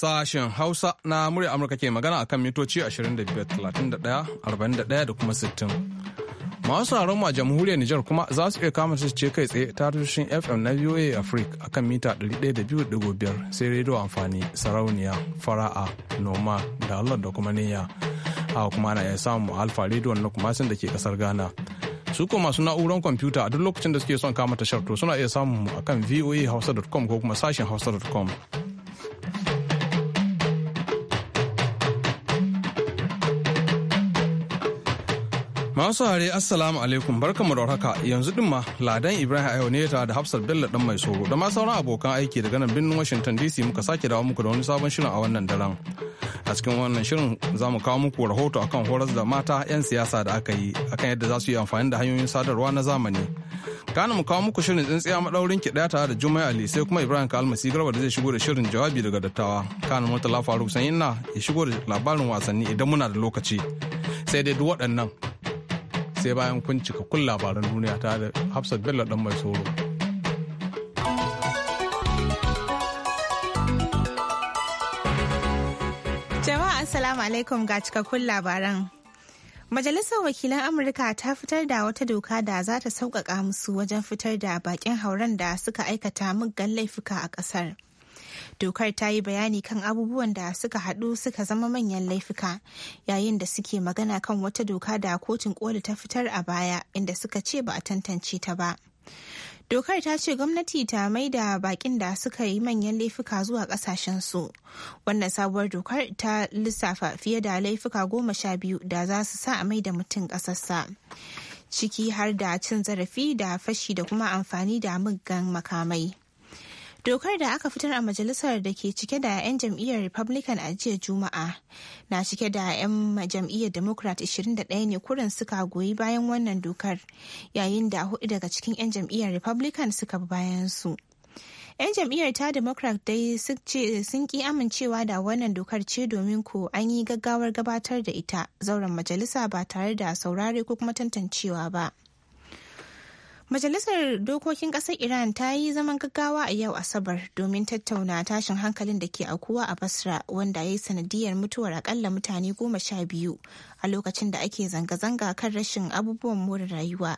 Sashen Hausa na murya Amurka ke magana a kan mitoci 25,31,41 da kuma 60. Masu sauraron a jamhuriyar Nijar kuma za su iya kama su ce kai tsaye ta tushen FM na VOA Africa a kan mita 102.5 sai rediyo amfani sarauniya fara'a noma da Allah da kuma niyya. a kuma na iya samun alfa rediyon na kuma da ke kasar Ghana. su kuma masu na'urar kwamfuta a duk lokacin da suke son kama tashar to suna iya samun mu akan voahausa.com ko kuma sashen hausa.com. Masu hare Assalamu alaikum barkamu da haka yanzu din ma Ladan Ibrahim Ayo ne tare da Hafsat Bello dan mai soro da ma sauran abokan aiki daga nan birnin Washington DC muka sake dawo muku da wani sabon shirin a wannan daren. A cikin wannan shirin za mu kawo muku rahoto akan horas da mata 'yan siyasa da aka yi akan yadda za su yi amfani da hanyoyin sadarwa na zamani. Kana mu kawo muku shirin tsintsiya madaurin ki tare da juma'i Ali sai kuma Ibrahim Kalmasi Garba da zai shigo da shirin jawabi daga dattawa. Kana Murtala Faruk Sanyinna ya shigo da labarin wasanni idan muna da lokaci. Sai dai duk waɗannan sai bayan kun cika kun labaran duniya ta da Hafsat Bello dan mai soro. Jama'a Assalamu alaikum ga cikakkun labaran. Majalisar Wakilan Amurka ta fitar da wata doka da za ta sauƙaƙa musu wajen fitar da baƙin hauren da suka aikata muggan laifuka a ƙasar. dokar ta yi bayani kan abubuwan da suka haɗu suka zama manyan laifuka yayin da suke magana kan wata doka da kotun koli ta fitar a baya inda suka ce ba a tantance ta ba. dokar ta ce gwamnati ta mai da bakin da suka yi manyan laifuka zuwa su wannan sabuwar dokar ta lissafa fiye da laifuka goma sha biyu da za su sa a mai da mutum ƙasarsa ciki har da cin zarafi da fashi da kuma amfani da muggan makamai Dokar da aka fitar a majalisar da ke cike da 'yan jam'iyyar Republican a jiya Juma'a na cike da 'yan jam'iyyar Democrat 21 ne kurin suka goyi bayan wannan dokar yayin da hudu daga cikin 'yan jam'iyyar Republican suka bayan su. 'Yan jam'iyyar ta Democrat dai sun ki amincewa da wannan dokar ce domin ko an yi gaggawar gabatar da ita zauren majalisa ba tare da saurare ko kuma tantancewa ba. Majalisar Dokokin Ƙasar Iran ta yi zaman gaggawa a yau Asabar domin tattauna tashin hankalin da ke aukuwa a Basra wanda ya yi sanadiyar mutuwar akalla mutane goma sha biyu a lokacin da ake zanga-zanga kan rashin abubuwan more rayuwa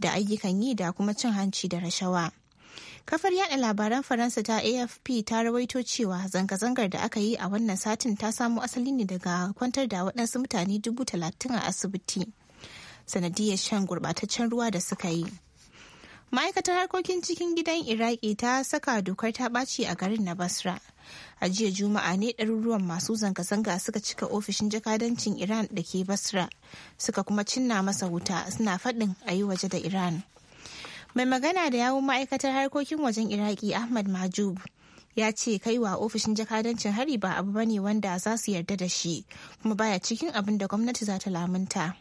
da ayyukan yi da kuma cin hanci da rashawa. Kafar yada labaran Faransa ta AFP ta rawaito cewa zanga-zangar da aka yi a wannan satin ta samo asali ne daga kwantar da waɗansu mutane dubu talatin a asibiti sanadiyar shan gurɓataccen ruwa da suka yi. ma'aikatar harkokin cikin gidan iraki ta saka dokar ta ɓaci a garin na basra a jiya juma'a ne ɗaruruwan masu zanga-zanga suka cika ofishin jakadancin iran da ke basra suka kuma cinna masa wuta suna faɗin a yi waje da iran mai magana da yawun ma'aikatar harkokin wajen iraki ahmad majub ya ce kaiwa ofishin jakadancin hari ba abu bane wanda za su yarda da shi kuma baya cikin abin da gwamnati za ta lamunta.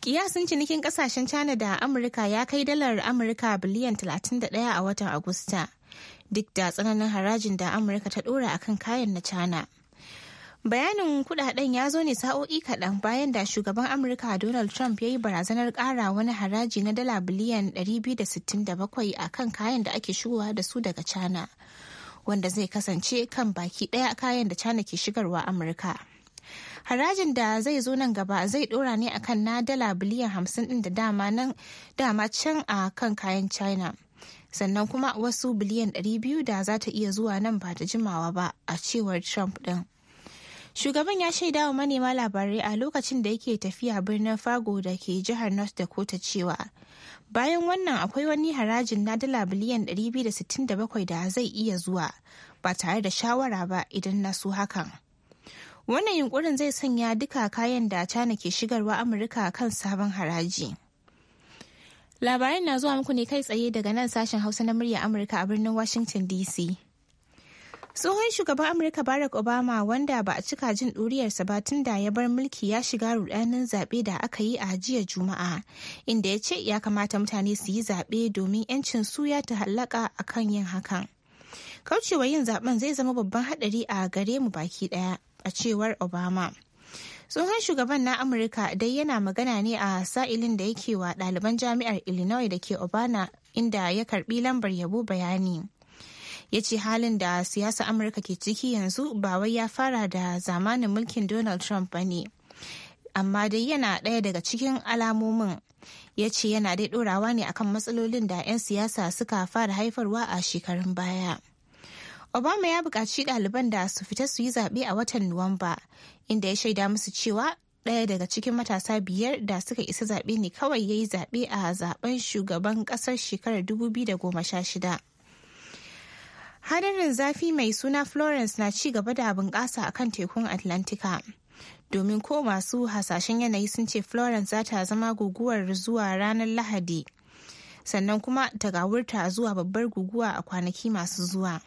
Kiyasin cinikin kasashen China da Amurka ya kai dalar Amurka biliyan 31 a watan Agusta, duk da tsananin harajin da Amurka ta ɗora akan kayan na China. Bayanin kudaden ya zo ne sa'o'i kaɗan bayan da shugaban Amurka Donald Trump ya yi barazanar ƙara wani haraji na dala biliyan 267 a kan kayan da ake shigowa da su daga China, wanda zai kasance kan baki ɗaya kayan da China ke shigarwa Amurka. harajin da zai zo nan gaba zai dora ne akan na dala biliyan hamsin din da dama nan dama can a kan kayan china sannan kuma wasu biliyan ɗari biyu da za ta iya zuwa nan ba ta jimawa ba a cewar trump din shugaban ya shaida wa manema labarai a lokacin da yake tafiya birnin fargo da ke jihar north dakota cewa bayan wannan akwai wani harajin na dala biliyan 267 da zai iya zuwa ba tare da shawara ba idan na su hakan wannan yunkurin zai sanya duka kayan da china ke shigarwa amurka kan sabon haraji Labarin na zuwa muku ne kai tsaye daga nan sashen hausa na murya amurka a birnin washington dc tsohon shugaban amurka barack obama wanda ba a cika jin ɗuriyarsa ba tun da ya bar mulki ya shiga rudanin zaɓe da aka yi a jiya juma'a inda ya ce ya kamata mutane su yi zaɓe domin 'yancin su ya ta hallaka kan yin hakan kaucewa yin zaben zai zama babban hadari a gare mu baki daya a cewar obama tsohon shugaban na amurka dai yana magana ne a sa'ilin da yake wa ɗaliban jami'ar illinois da ke obana inda ya karbi lambar yabo bayani ya ce halin da siyasa amurka ke ciki yanzu ba wai ya fara da zamanin mulkin donald trump ba ne amma dai yana ɗaya daga cikin alamomin ya ce yana dai dorawa ne akan matsalolin da 'yan siyasa suka fara haifarwa a shekarun baya. obama ya buƙaci ɗaliban da su fita su yi zaɓe a watan nuwamba inda ya shaida musu cewa ɗaya daga cikin matasa biyar da suka isa zaɓe ne kawai ya yi zaɓe a zaɓen shugaban ƙasar shekarar 2016 hadarin zafi mai suna florence na ci gaba da bunƙasa a kan tekun atlantika domin ko masu hasashen yanayi sun ce florence za ta zama guguwar zuwa ranar lahadi sannan kuma ta gawurta zuwa babbar guguwa a kwanaki masu zuwa.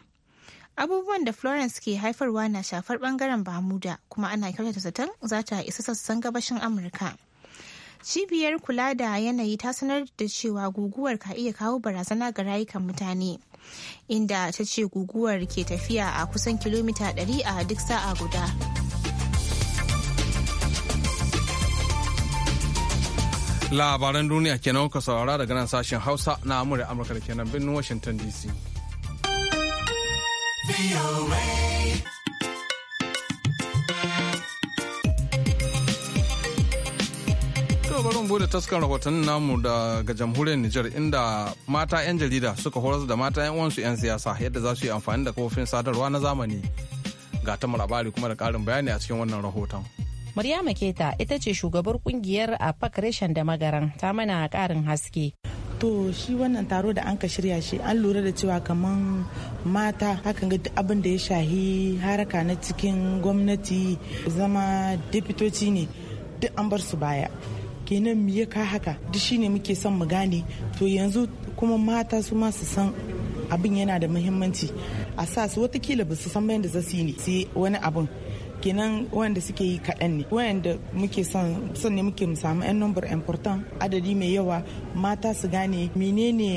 abubuwan da florence ke haifarwa na shafar bangaren bamuda kuma ana kyautata zaton za ta isa sassan gabashin amurka cibiyar kula da yanayi ta sanar da cewa guguwar ka iya kawo barazana ga rayukan mutane inda ta ce guguwar ke tafiya a kusan kilomita 100 a duk sa'a guda labaran duniya kenan kuka saurara daga nan sashen hausa na amurka da kenan birnin washington dc barin bude taskar rahoton namu daga jamhuriyar Nijar inda mata 'yan jarida suka horar da mata 'yan uwansu 'yan siyasa yadda za su yi amfani da kafofin sadarwa na zamani. Ga ta labari kuma da karin bayani a cikin wannan rahoton. Maryama Keta ita ce shugabar kungiyar a reshen da magaran ta mana karin haske. to shi wannan taro da an ka shirya shi an lura da cewa kamar mata hakan ga abin da ya shahi haraka na cikin gwamnati zama dipitoci ne duk an bar su baya kenan mu ya ka haka duk shine muke son mu gane to yanzu kuma mata su ma su san abin yana da muhimmanci a sa su watakila ba su san bayan da za su yi ne sai wani abin kenan wanda suke yi kaɗan ne wanda muke son son ne muke samu yan number important adadi mai yawa mata su gane menene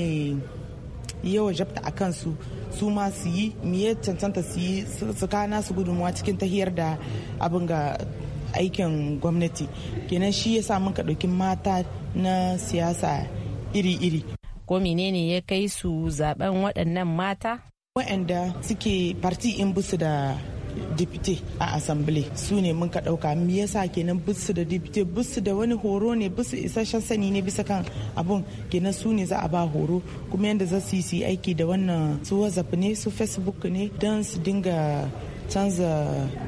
yawa jabta a kansu su ma su yi miye cancanta su yi su kana su gudunmuwa cikin tahiyar da abin ga aikin gwamnati kenan shi ya samu muka ɗauki mata na siyasa iri-iri ko menene ya kai su zaben waɗannan mata waɗanda suke parti in busu da dipite a asambile su ne mun ka ɗauka me yasa kenan bisu da dipite bisu da wani horo ne bisu isasshen sani ne bisa kan abun kenan su ne za a ba horo kuma yadda za su yi aiki da wannan su whatsapp ne su facebook ne don su dinga canza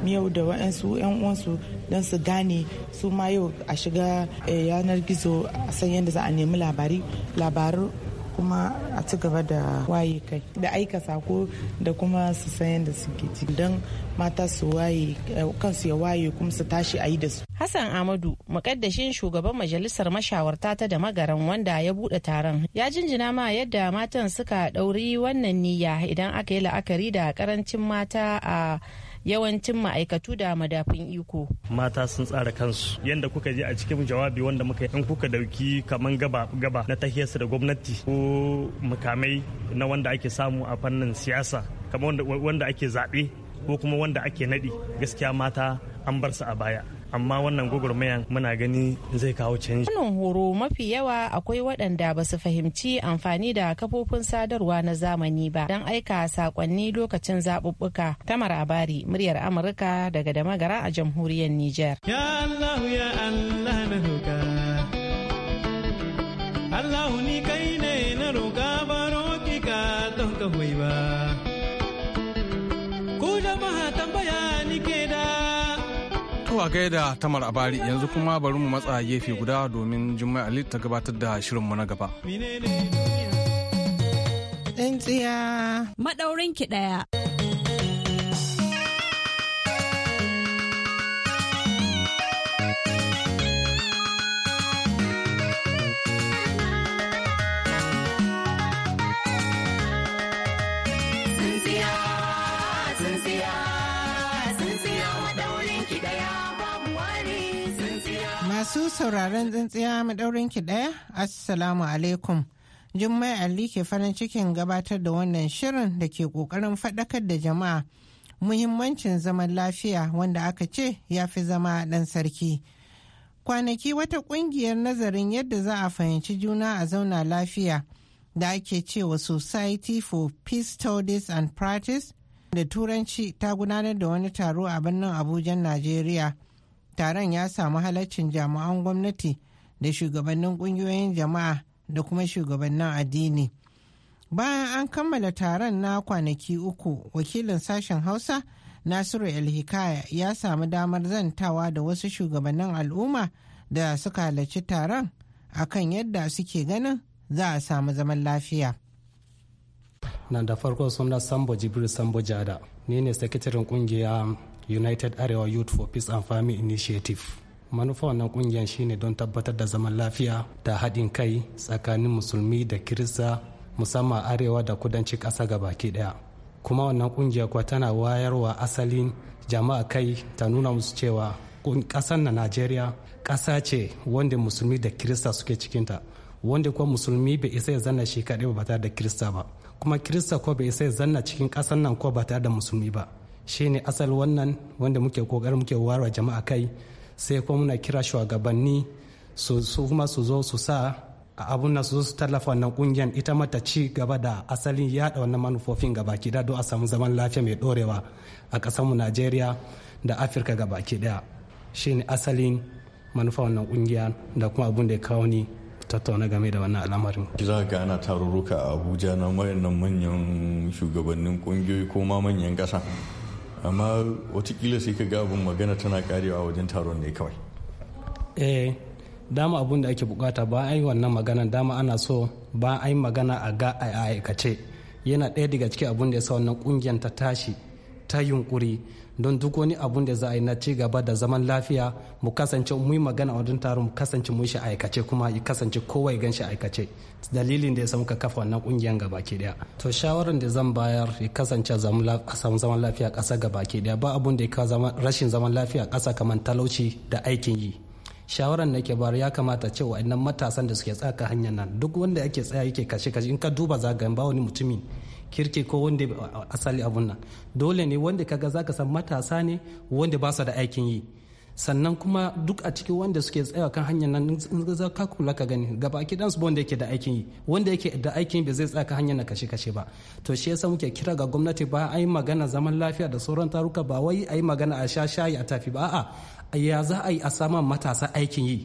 miyau da wa'ansu 'yan uwansu don su gane su ma yau a shiga eh, yanar gizo a san yadda za a nemi labari labarin kuma a ci gaba da waye kai da aika sako da kuma su san yadda suke ci don mata su waye eh, kansu ya waye kuma su tashi a yi da su. Hassan Amadu mukaddashin shugaban majalisar mashawarta ta da magaran wanda ya bude taron ya jinjina ma yadda matan suka ɗauri wannan niyya idan aka yi la'akari da karancin mata a yawancin ma'aikatu da madafin iko. Mata sun tsara kansu yadda kuka je a cikin jawabi wanda muka yi. in kuka dauki kamar gaba gaba na tahiyarsa da gwamnati ko mukamai na wanda ake samu a fannin siyasa kamar wanda ake zaɓe ko kuma wanda ake naɗi gaskiya mata an bar su a baya. amma wannan gwagwarmayan muna gani zai kawo canji. Wannan horo mafi yawa akwai waɗanda ba su fahimci amfani da kafofin sadarwa na zamani ba don aika sakonni lokacin zaɓuɓɓuka. Tamar Abari, muryar Amurka daga Damagara a jamhuriyar Nijar. Ya Allah ya na roƙa. Allah ni kai ne na roƙa baro ki ka don ka ba. To a gaida tamar a bari yanzu kuma bari mu matsa gefe guda domin juma'a Ali ta gabatar da shirin mu na gaba. Tsintsiya. Maɗaurin ki ɗaya. Masu sauraron tsintsiya madaurin ki ɗaya, Assalamu alaikum. Jummai Ali ke farin cikin gabatar da wannan shirin da ke ƙoƙarin faɗakar da jama'a muhimmancin zaman lafiya wanda aka ce ya fi zama ɗan sarki. Kwanaki wata ƙungiyar nazarin yadda za a fahimci juna a zauna lafiya da ake cewa Society for Peace Studies and Practice da Turanci ta gudanar da wani taro a birnin abujan Najeriya. taron ya samu halaccin jami'an gwamnati da shugabannin kungiyoyin jama'a da kuma shugabannin addini bayan an kammala taron na kwanaki uku wakilin sashen hausa nasiru elhikaya ya samu damar zantawa da wasu shugabannin al'umma da suka halarci taron akan yadda suke ganin za a samu zaman lafiya na da farko suna sambo jibril sambo jada ni ne sakitarin kungiya united arewa youth for peace and family initiative manufa wannan kungiyar shine don tabbatar da zaman lafiya da haɗin kai tsakanin musulmi da kirista musamman arewa da kudanci ƙasa ga baki ɗaya kuma wannan kungiya kuwa tana wayarwa asalin jama'a kai ta nuna musu cewa ƙasar na najeriya ƙasa ce wanda musulmi da kirista suke cikinta wanda kuma musulmi bai isa ya zanna shi kaɗai ba tare da kirista ba kuma kirista ko bai isa ya zanna cikin ƙasar nan ko ba tare da musulmi ba shine asal wannan wanda muke kokarin muke warwa jama'a kai sai kuma muna kira shugabanni su kuma su zo su sa abun nan su zo su tallafa wannan kungiyar ita mata ci gaba da asalin yada wannan manufofin gaba ki da do a samu zaman lafiya mai dorewa a ƙasarmu najeriya da afirka gaba ki daya ne asalin manufa wannan kungiya da kuma abun da ya kawo ni tattauna game da wannan al'amarin. Za ga ana tarurruka a Abuja na wayannan manyan shugabannin kungiyoyi ko ma manyan ƙasa. amma watakila sai ka ga abin magana tana karewa wajen taron ne kawai eh dama abun da ake bukata ba ai wannan magana dama ana so ba ai magana a ga a aikace yana ɗaya daga cikin abun da ya sa wannan kungiyar ta tashi ta yunkuri don duk wani abun da za a yi na ci gaba da zaman lafiya mu kasance mu yi magana a wajen taron mu kasance mu shi aikace kuma ya kasance kowa ya ganshi aikace dalilin da ya samu ka kafa wannan kungiyan gabaki daya to shawaran da zan bayar ya kasance a zaman lafiya ƙasa gabaki daya ba abun da ya kawo rashin zaman lafiya kasa kamar talauci da aikin yi shawaran da ke bayar ya kamata cewa innan matasan da suke tsaka hanyar nan duk wanda yake tsaya yake kashe kashe in ka duba zagayen ba wani mutumin kirki ko wanda asali abun nan dole ne wanda ka ga zaka san matasa ne wanda ba su da aikin yi sannan kuma duk a cikin wanda suke tsayawa kan hanyar nan za ka kula ka gani gaba ki dan wanda yake da aikin yi wanda yake da aikin bai zai tsaya kan hanyar na kashe kashe ba to shi yasa muke kira ga gwamnati ba yi magana zaman lafiya da sauran taruka ba wai a yi magana a sha shayi a tafi ba a'a ya za a yi a sama matasa aikin yi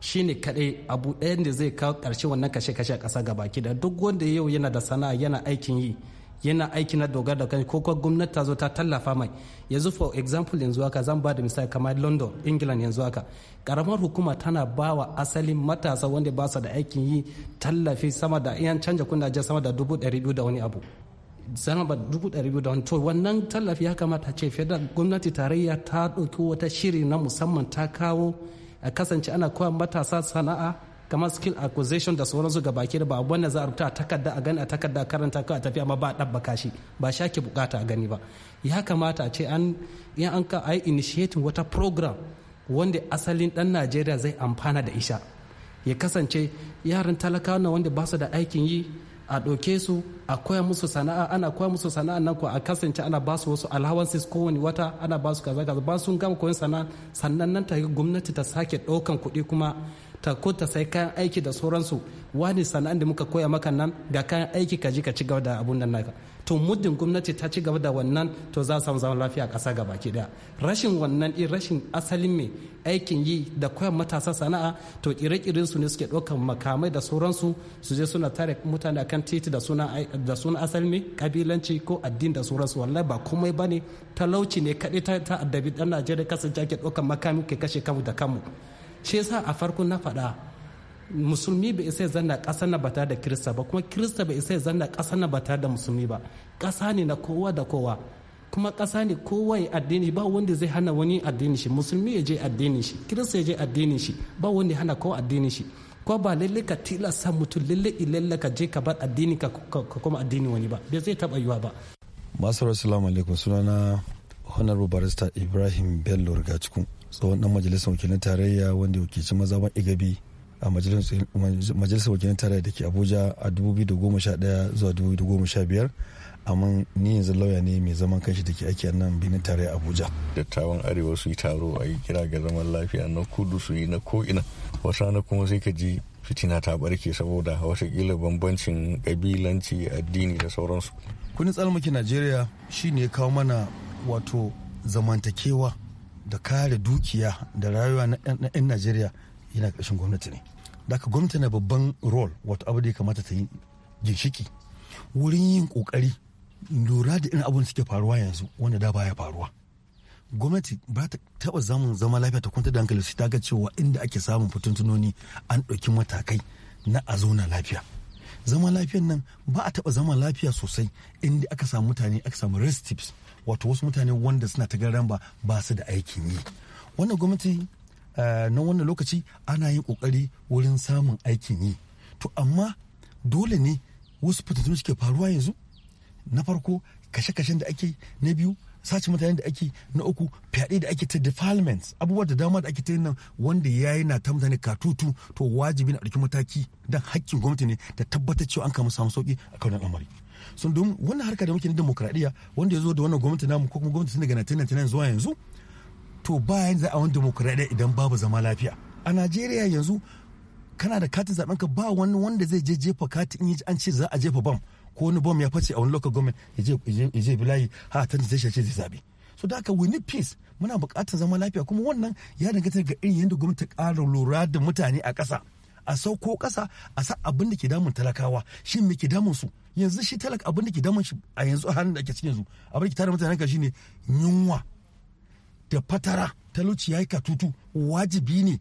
shine kadai abu ɗayan da zai kawo ƙarshe wannan kashe-kashe a ƙasa gabaki da duk wanda yau yana da sana'a yana aikin yi yana aiki na dogara da kai ko kuma gwamnati ta zo ta tallafa mai yanzu for example yanzu haka zan ba da misali kamar london england yanzu haka karamar hukuma tana ba wa asalin matasa wanda ba su da aikin yi tallafi sama da iyan canja kundaje sama da dubu ɗari biyu da wani abu sama ba dubu ɗari biyu da wani to wannan tallafi ya kamata ce fiye da gwamnati tarayya ta ɗauki wata shiri na musamman ta kawo a kasance ana koya matasa sana'a kamar skill acquisition da sauransu ga baki da ba wanda za a rubuta a takarda a gani a takarda karanta kawai a tafi amma ba a ɗabbaka shi ba sha ke bukata a gani ba ya kamata a ce an in an ka yi initiating wata program wanda asalin dan najeriya zai amfana da isha ya kasance yaran talakawa wanda ba su da aikin yi a ɗauke su a koya musu sana'a ana koya musu sana'a nan ko a kasance ana basu wasu allowances kowane wata ana basu kaza kaza ba sun gama koyon sana'a sannan nan ta gwamnati ta sake ɗaukan kuɗi kuma ta ko ta sai kayan aiki da sauransu wani sana'an da muka koya maka nan ga kayan aiki ka ji ka ci gaba da abun nan naka to muddin gwamnati ta ci gaba da wannan to za samu zaman lafiya a ƙasa gaba ki daya rashin wannan din rashin asalin mai aikin yi da koyan matasa sana'a to kire-kiren su ne suke ɗaukar makamai da sauransu su je suna tare mutane akan titi da suna asali mai kabilanci ko addini da sauransu wallahi ba komai bane talauci ne kaɗai ta addabi ɗan Najeriya kasance ake ɗaukar makami ke kashe kanmu da kanmu shi yasa a farko na faɗa musulmi bai isa ya zanna ƙasar na bata da kirista ba kuma kirista bai isa ya zanna ƙasar na bata da musulmi ba ƙasa ne na kowa da kowa kuma ƙasa ne kowa ya addini ba wanda zai hana wani addini shi musulmi ya je addini shi kirista ya je addini shi ba wanda ya hana kowa addini shi ko ba lalle ka tilasta mutum lalle ilalle ka je ka bar addini ka kuma addini wani ba bai zai taɓa yiwa ba. masu salamu alaikum sunana honorable barista ibrahim bello rigacikun tsohon dan majalisar wakilin tarayya wanda ya wakilci mazaban igabi a majalisar wakilin tarayya da ke abuja a 2011 zuwa 2015 amma ni yanzu lauya ne mai zaman kanshi da ke aiki a nan birnin tarayya abuja dattawan arewa su yi taro a yi kira ga zaman lafiya na kudu su yi na ko'ina wasu na kuma sai ka ji fitina ta barke saboda watakila bambancin kabilanci addini da sauransu kudin tsalmaki najeriya shine ya kawo mana wato zamantakewa da kare dukiya da rayuwa na 'yan najeriya yana ƙarshen gwamnati ne da aka gwamnati na babban role wato abu da ya kamata ta yi ginshiki wurin yin kokari lura da irin abin suke faruwa yanzu wanda da baya faruwa gwamnati ba ta taba zamun zama lafiya ta kwanta da hankali su ta ga cewa inda ake samun tunoni an ɗauki matakai na a zauna lafiya zama lafiyan nan ba a taba zama lafiya sosai inda aka samu mutane aka samu rest tips wato wasu mutane wanda suna ta garan ba ba su da aikin yi wannan gwamnati Eh, na wannan lokaci ana yin kokari wurin samun aikin yi to amma dole ne wasu fitattun suke faruwa yanzu na farko kashe-kashen da ake na biyu sace mutane da ake na uku fyaɗe da ake ta defilement abubuwa da dama da ake ta nan wanda ya yi na ta mutane katutu to wajibi na ɗauki mataki don haƙƙin gwamnati ne da tabbatar cewa an kama samu sauki a kan al'amari sun domin wannan harka da muke na demokradiyya wanda ya zo da wannan gwamnati namu ko kuma gwamnati tun daga 1999 zuwa yanzu to bayan za a wani demokuraɗe idan babu zama lafiya a najeriya yanzu kana da katin zaben ka ba wani wanda zai je jefa katin in an ce za a jefa bam ko wani bam ya face a wani local government ya je bilayi ha ta zai shi zai zabe so da haka we peace muna buƙatar zama lafiya kuma wannan ya danganta ga irin yadda gwamnati ta ƙara lura da mutane a ƙasa a sauko ƙasa a sa abin da ke damun talakawa shi me ke damun su yanzu shi talaka abin da ke damun shi a yanzu a hannun da ake cikin su abin da ke tare mutane ka shine yunwa da fatara talauci ya yi katutu wajibi ne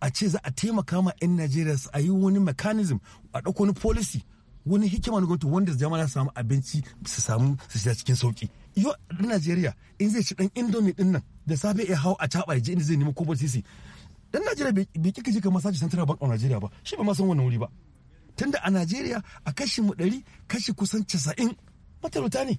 a ce za a taimaka ma 'yan najeriya su a yi wani mechanism a ɗauko wani policy wani hikima na gwamnati wanda jama'a su samu abinci su samu su shiga cikin sauki yau ɗan najeriya in zai ci dan indomie din nan da safe ya hau a caɓa ya je inda zai nemi kobo sisi dan najeriya bai kika je kamar sashi central bank of najeriya ba shi ba ma san wannan wuri ba tunda a najeriya a kashi mu ɗari kashi kusan casa'in matalauta ne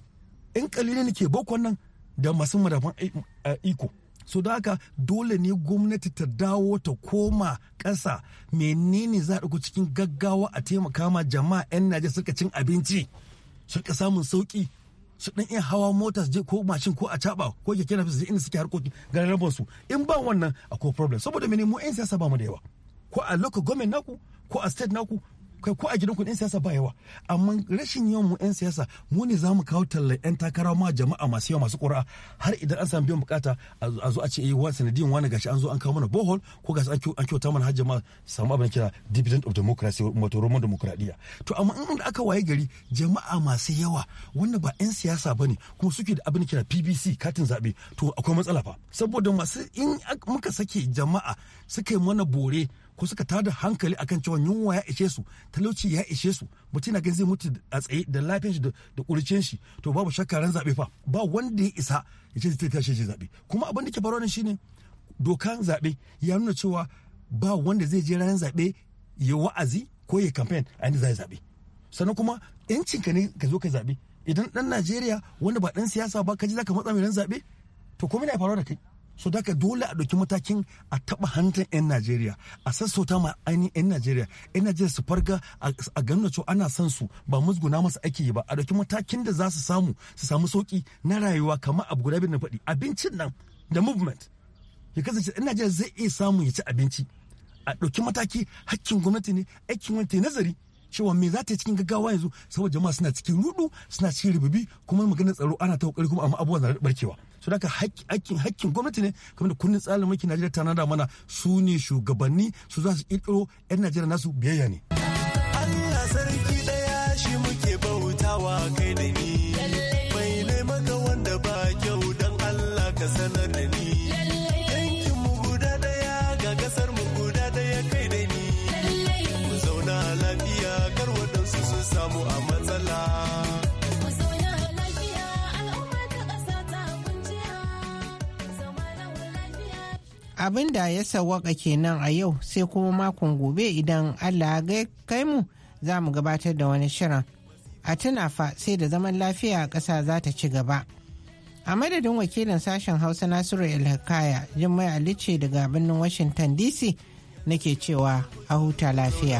in kalilin ke boko nan da masu madafan eh, eh, iko so da haka dole ne gwamnati ta dawo ta koma ƙasa menene za a ɗauko cikin gaggawa a taimaka ma jama'a 'yan najeriya suka cin abinci suka samun sauki su ɗan iya hawa mota su je ko mashin ko a caba ko keke na fisa inda suke ga rabon su in ba wannan akwai problem saboda mene mu 'yan siyasa ba mu da yawa ko a local government naku ko a state naku kai ko a gidan ku yan siyasa ba yawa amma rashin yawan mu yan siyasa mu ne zamu kawo talla yan takara ma jama'a masu yawa masu ƙura har idan an samu biyan bukata a zo a ce eh wani sanadiyan wani gashi an zo an kawo mana bohol ko gashi an kyauta mana har jama'a samu abin kira dividend of democracy wato roman demokradiyya to amma in da aka waye gari jama'a masu yawa wanda ba yan siyasa ba ne kuma suke da abin kira PBC katin zaɓe to akwai matsala fa saboda masu in muka sake jama'a suka yi mana bore ko suka tada hankali akan cewa yunwa ya ishe su talauci ya ishe su mutum na gan zai mutu a tsaye da lafiyan shi da kurcin shi to babu shakka ran zabe fa ba wanda ya isa ya ce zai tashi shi zabe kuma abin da ke faruwa ne, dokan zabe ya nuna cewa ba wanda zai je ranar zabe ya wa'azi ko ya campaign a inda zai zabe sannan kuma yancin ka ne ka zo ka zabe idan dan Najeriya wanda ba dan siyasa ba ka ji zaka matsa mai ran zabe to komai na faruwa da kai so daga dole a ɗauki matakin a taɓa hantar 'yan najeriya a sassauta ma ainihin 'yan najeriya 'yan najeriya su farga a ganin cewa ana son su ba musguna masu aiki ba a ɗauki matakin da za su samu su samu sauki na rayuwa kamar abu guda biyu na faɗi abincin nan da movement ya kasance 'yan najeriya zai iya samu ya ci abinci a ɗauki mataki hakkin gwamnati ne aikin wani nazari cewa me za ta yi cikin gaggawa yanzu saboda jama'a suna cikin rudu suna cikin rububi kuma maganar tsaro ana ta kokari kuma amma abubuwan na barkewa su daga hakkin hakkin gwamnati ne kamar da kundin tsarin mulkin najeriya ta nada mana su ne shugabanni su za su kirkiro yan najeriya nasu biyayya ne allah sarki ɗaya abin da ya sawaka kenan a yau sai kuma makon gobe idan allah ya kai mu za mu gabatar da wani shirin a tuna fa sai da zaman lafiya a ƙasa za ta ci gaba a madadin wakilin sashen hausa nasiru ilhakaya jimmai alice daga birnin washington dc nake cewa a huta lafiya.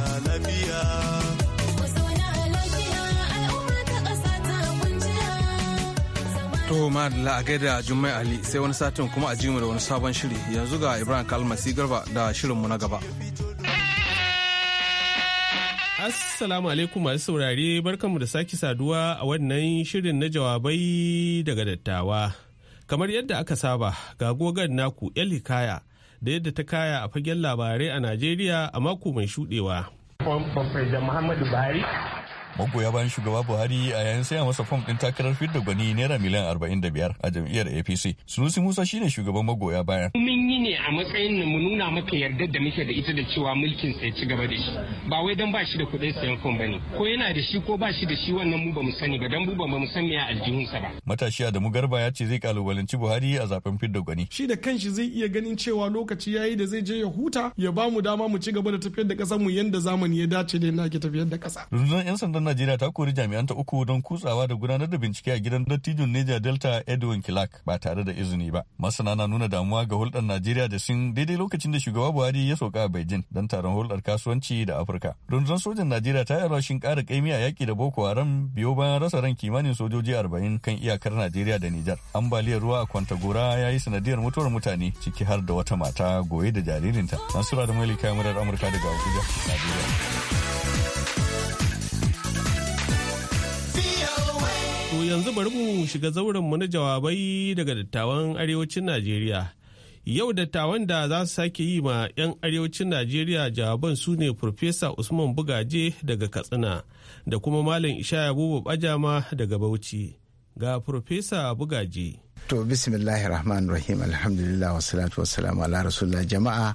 To madalla a gaida Jummai Ali sai wani satin kuma a jimu da wani sabon shiri yanzu ga Ibrahim Kalmasi Garba da shirinmu na gaba. Assalamu alaikum masu saurare barkanmu da sake saduwa a wannan shirin na jawabai daga dattawa. Kamar yadda aka saba ga gogan naku kaya da yadda ta kaya a fagen labarai a Najeriya a mako mai shudewa. magoya bayan shugaba buhari a yayin saya masa fom din takarar fidda gwani naira miliyan biyar a jam'iyyar apc sunusi musa shine shugaban magoya bayan mun yi ne a matsayin mu nuna maka yarda da muke da ita da cewa mulkin sai ci gaba da shi ba wai dan ba shi da kuɗin sayan fom bane ko yana da shi ko ba shi da shi wannan mu ba mu sani ba dan mu ba mu san me aljihunsa ba matashi Adamu Garba ya ce zai kalubalanci Buhari a zafin fidda gwani shi da kanshi zai iya ganin cewa lokaci yayi da zai je ya huta ya ba mu dama mu ci gaba da tafiyar da kasar mu yanda zamani ya dace da yanda ake tafiyar da kasa rundunar yan sandan Najeriya ta kori jami'anta uku don kutsawa da gudanar da bincike a gidan dattijun Neja Delta Edwin Kilak ba tare da izini ba. Masana na nuna damuwa ga hulɗar Najeriya da Sin daidai lokacin da shugaba Buhari ya sauka a Beijing don taron hulɗar kasuwanci da Afirka. Rundunar sojan Najeriya ta yi rashin ƙara ƙaimi a yaƙi da Boko Haram biyo bayan rasa ran kimanin sojoji arba'in kan iyakar Najeriya da Nijar. Ambaliyar ruwa a Kwantagora ya yi sanadiyar mutuwar mutane ciki har da wata mata goye da jaririnta. Nasura da Malika Murar Amurka daga Abuja, Najeriya. yanzu bari mu shiga zauren mu na jawabai daga dattawan arewacin Najeriya. Yau dattawan da za su sake yi ma 'yan arewacin Najeriya jawaban su ne Profesa Usman Bugaje daga Katsina da kuma Malam Ishaya Bubu Bajama daga Bauchi. Ga Profesa Bugaje. To bismillahi rahman rahim alhamdulillah wa wassalamu ala rasulullah jama'a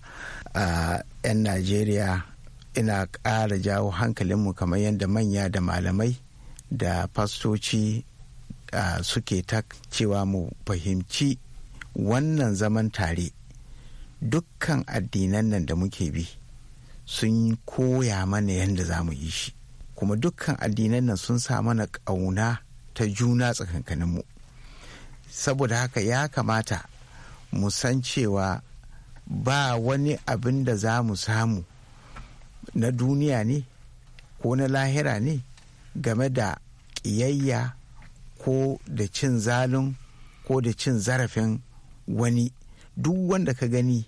a 'yan Najeriya ina ƙara jawo hankalinmu kamar yadda manya da malamai da fastoci suke ta cewa mu fahimci wannan zaman tare dukkan addinan nan da muke bi sun koya mana yadda za mu yi shi kuma dukkan addinan nan sun sa mana ƙauna ta juna tsakankaninmu saboda haka ya kamata mu san cewa ba wani abin da za mu samu na duniya ne ko na lahira ne game da ƙiyayya ko da cin zalin ko da cin zarafin wani duk wanda ka gani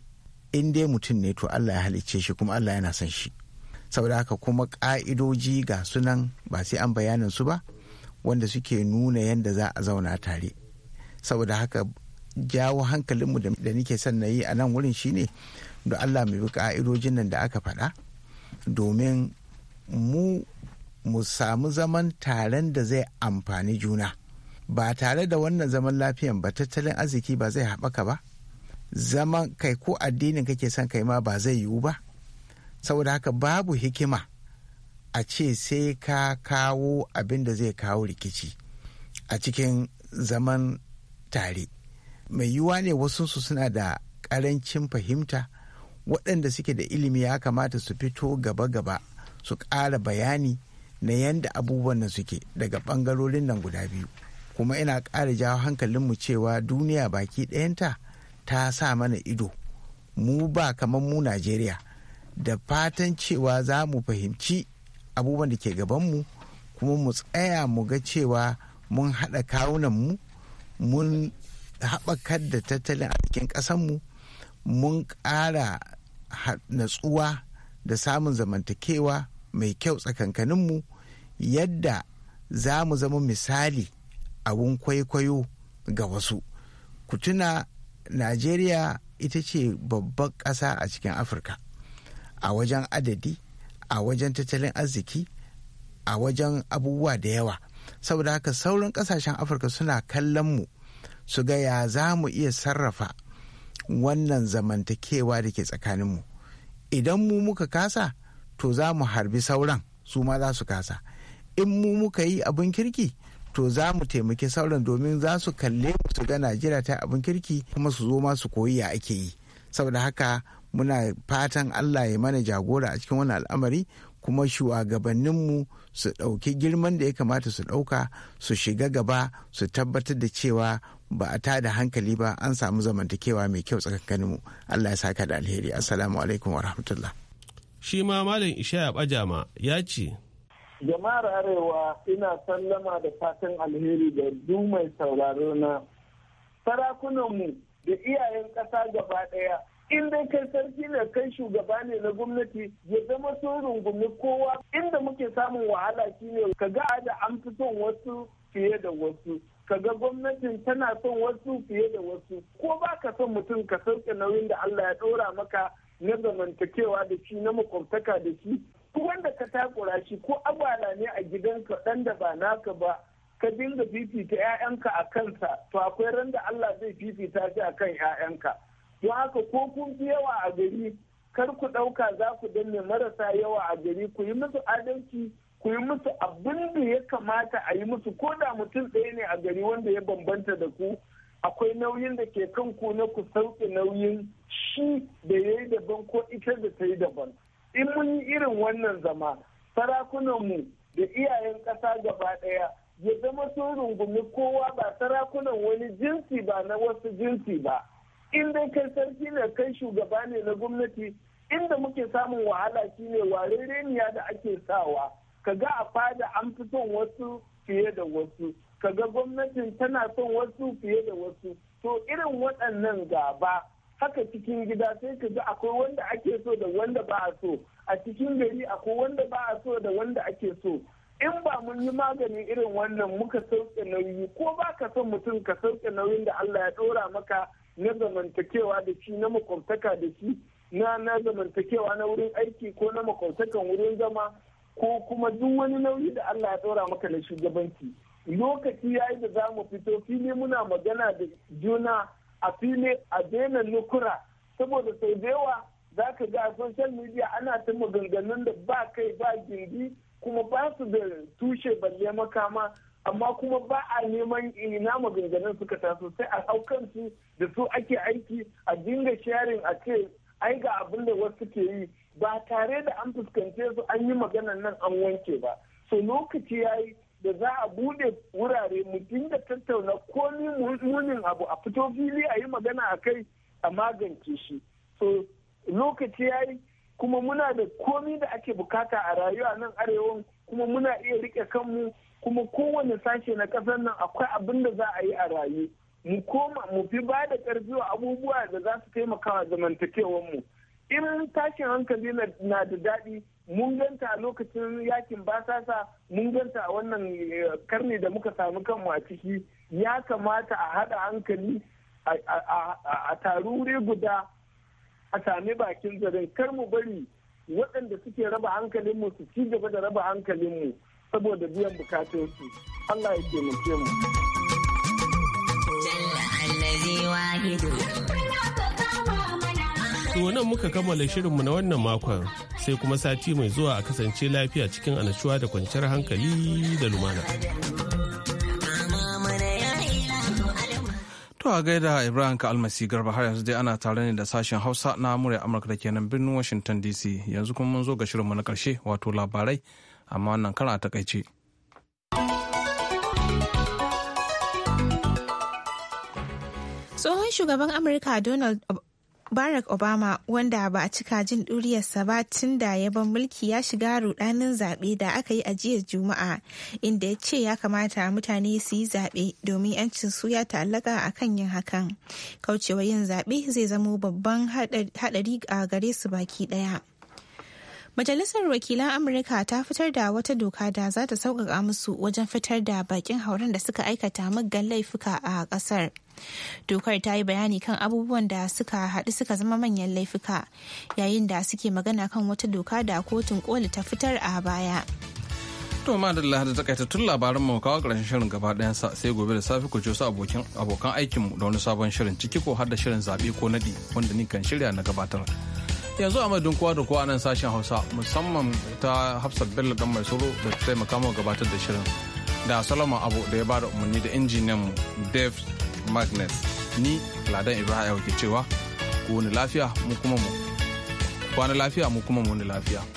in dai mutum ne to Allah ya halicce shi kuma Allah yana son shi saboda haka kuma ƙa'idoji ga sunan ba sai an bayanin su ba wanda suke nuna yadda za a zauna tare saboda haka jawo hankalinmu da nike son na yi a nan wurin shine da Allah mai bi ka'idojin nan da aka faɗa domin mu mu samu zaman taren da zai amfani juna ba tare da wannan zaman lafiyan ba tattalin arziki ba zai haɓaka ba zaman kai ko addinin kake son kai ma ba zai yiwu ba saboda haka babu hikima a ce sai ka kawo abin da zai kawo rikici a cikin zaman tare mai yiwuwa ne wasu su suna da ƙarancin fahimta waɗanda suke da ilimi ya kamata su fito gaba-gaba su ƙara bayani na yadda abubuwan nan suke daga ɓangarorin nan guda biyu kuma ina ƙara jawo hankalinmu cewa duniya baki ɗayanta ta sa mana ido mu ba kamar mu najeriya da fatan cewa za mu fahimci abubuwan da ke gabanmu kuma mu tsaya mu ga cewa mun haɗa kawunanmu mun haɓakar da tattalin arzikin ƙasanmu mun ƙara natsuwa da samun zamantakewa mai kyau tsakankaninmu yadda za mu zama misali abun kwaikwayo ga wasu ku tuna najeriya ita ce babban ƙasa a cikin afirka a wajen adadi a wajen tattalin arziki a wajen abubuwa da yawa saboda haka sauran ƙasashen afirka suna kallon mu su ga ya za mu iya sarrafa wannan zamantakewa da ke tsakaninmu idan mu muka kasa to za mu harbi sauran su ma za su kasa in mu muka yi abin kirki to za mu taimaki sauran domin za su kalle su ga najeriya ta abin kirki kuma su zo masu su koyi ya ake yi saboda haka muna fatan allah ya mana jagora a cikin wani al'amari kuma shugabanninmu su ɗauki girman da ya kamata su ɗauka su shiga gaba su tabbatar da cewa ba a tada hankali ba an samu zamantakewa mai kyau tsakankaninmu allah ya saka da alheri assalamu alaikum wa rahmatullah shi ma malam ishaya bajama ya ce jama'ar arewa ina sallama da fatan alheri da dumai mai sauraro na sarakunanmu da iyayen ƙasa gaba ɗaya in dai kai sarki ne kai shugaba ne na gwamnati ya zama sun rungumi kowa inda muke samun wahala shine ka ga da an fi son wasu fiye da wasu Ka ga gwamnatin tana son wasu fiye da wasu ko ba ka son mutum ka sauke nauyin da Allah ya ɗora maka na zamantakewa da shi na makwabtaka da shi duk wanda ka takura shi ko abala ne a gidanka dan da ba naka ba ka dinga fifita 'ya'yanka a kansa to akwai ran da Allah zai fifita shi a kan 'ya'yanka don haka ko kun fi yawa a gari kar ku ɗauka za ku danne marasa yawa a gari ku yi musu adalci ku yi musu abin da ya kamata a yi musu ko da mutum ɗaya ne a gari wanda ya bambanta da ku akwai nauyin da ke kan ku na ku sauke nauyin shi da ya yi daban ko ita da ta yi daban in mun yi irin wannan zama sarakunanmu da iyayen ƙasa gaba ɗaya ya zama sun rungumi kowa ba sarakunan wani jinsi ba na wasu jinsi ba in kai sarki ne kai shugaba ne na gwamnati inda muke samun wahala shine reniya da ake sawa kaga a fada an fi son wasu fiye da wasu kaga gwamnatin tana son wasu fiye da wasu to irin waɗannan gaba haka cikin gida sai ka ga akwai wanda ake so da wanda ba a so a cikin gari akwai wanda ba a so da wanda ake so in ba mun yi maganin irin wannan muka sauke nauyi ko ba ka son mutum ka sauke nauyin da Allah ya ɗora maka na zamantakewa da shi na makwabtaka da shi na na zamantakewa na wurin aiki ko na makwabtakan wurin zama ko kuma duk wani nauyi da Allah ya ɗora maka na shugabanci lokaci ya yi da za mu fito fili muna magana da juna a fili a daina lukura saboda sau da yawa za ka ga a social media ana ta maganganun da ba kai ba gindi kuma ba su da tushe balle makama amma kuma ba a neman ina maganganun suka taso sai a haukan su da su ake aiki a dinga sharing a ce ai ga abin da wasu ke yi ba tare da an fuskance su an yi maganan nan an wanke ba so lokaci ya yi da za a bude wurare mu dinga tattauna komi munin abu a fito fili a yi magana a kai a magance shi so lokaci ya yi kuma muna da komi da ake bukata a rayuwa nan arewan kuma muna iya rike kanmu kuma kowane sashe na kasar nan akwai abin da za a yi a rayu mu koma mu fi ba da ƙarfi wa abubuwa da za su taimaka wa zamantakewanmu in tashin hankali na da daɗi mun ganta a lokacin yakin basasa mun ganta a wannan eh, karni da muka samu kanmu a ciki ya kamata a haɗa hankali a taru wuri guda a sami bakin zarin kar mu bari waɗanda suke raba hankalinmu su ci gaba da raba hankalinmu saboda biyan bukatunsu Allah ya taimake mu. To nan muka kammala shirinmu na wannan makon sai kuma sati mai zuwa a kasance lafiya cikin annashuwa da kwanciyar hankali da lumana. To a gaida Ibrahim ka almasi garba har yanzu dai ana tare ne da sashen Hausa na murya Amurka da kenan birnin Washington DC yanzu kuma mun zo ga shirinmu na karshe wato labarai amma wannan kara a takaice. Tsohon shugaban Amurka Donald Barack Obama wanda ba a cika jin ɗuriyarsa ba tun da ya ban mulki ya shiga rudanin zaɓe da aka yi a jiya Juma'a inda ya ce ya kamata mutane su yi zaɓe domin 'yancin su ya ta'allaka a kan yin hakan. Kaucewa yin zaɓe zai zamo babban haɗari a gare su baki ɗaya. Majalisar Wakilan Amurka ta fitar da wata doka da za ta sauƙaƙa musu wajen fitar da bakin hauren da suka aikata muggan laifuka a ƙasar. Dokar ta yi bayani kan abubuwan da suka haɗu suka zama manyan laifuka yayin da suke magana kan wata doka da kotun koli ta fitar a baya. To ma da takaitattun labarin mu kawo ƙarshen shirin gaba sa sai gobe da safe ku su abokin abokan aikinmu da wani sabon shirin ciki ko har da shirin zaɓe ko naɗi wanda ni kan shirya na gabatar. yanzu a madadin kowa da kowa nan sashen hausa musamman ta hafsat bello dan mai tsoro da ta taimaka mu gabatar da shirin da salama abu da ya ba da umarni da injiniyan mu dave magnus ni ladan ibrahim ke cewa ku wani lafiya mu kuma mu kwana lafiya mu kuma lafiya